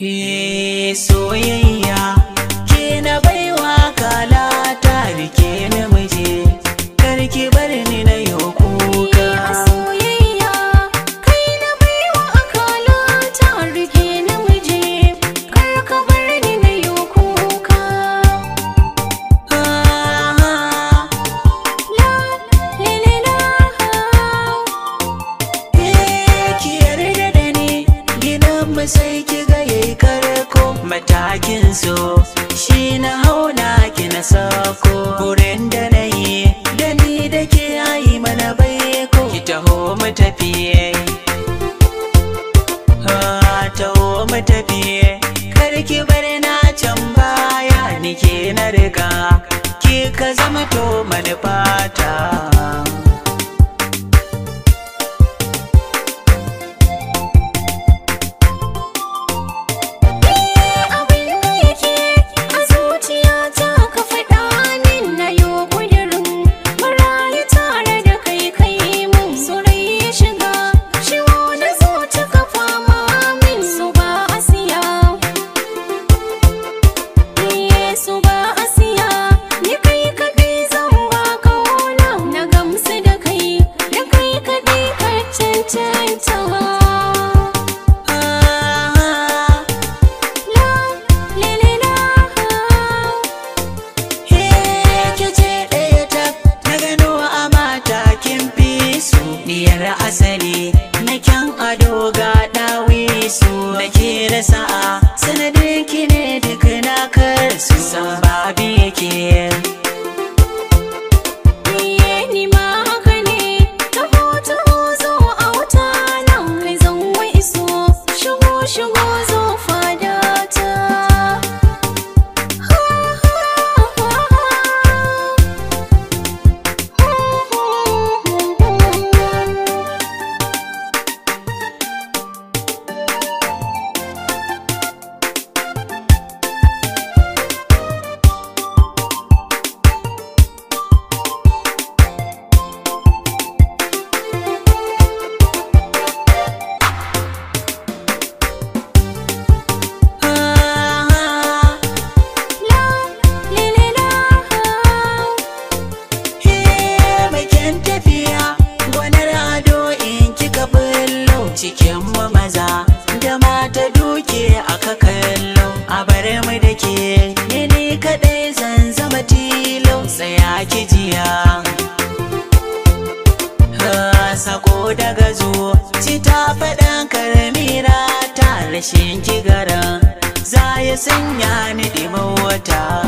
Eh soyayya ke na baiwa kala ta rike na karki bar ni na yi kuka soyayya kai na baiwa kala ta rike na muje ka bar ni na yi kuka la la la eh ki yarda da ni gina masai matakin so shi na hauna ki na sako gurin da na yi da ni da ke yayi mana baiko ki taho mu tafiye ha taho mu tafiye kar ki bar na can baya ni ke na riga ki ka zama to manufata ¡Gracias! daga zuwa. ci ta faɗan karamira ta rashin kigaran za ya sanya ni ɗimin wata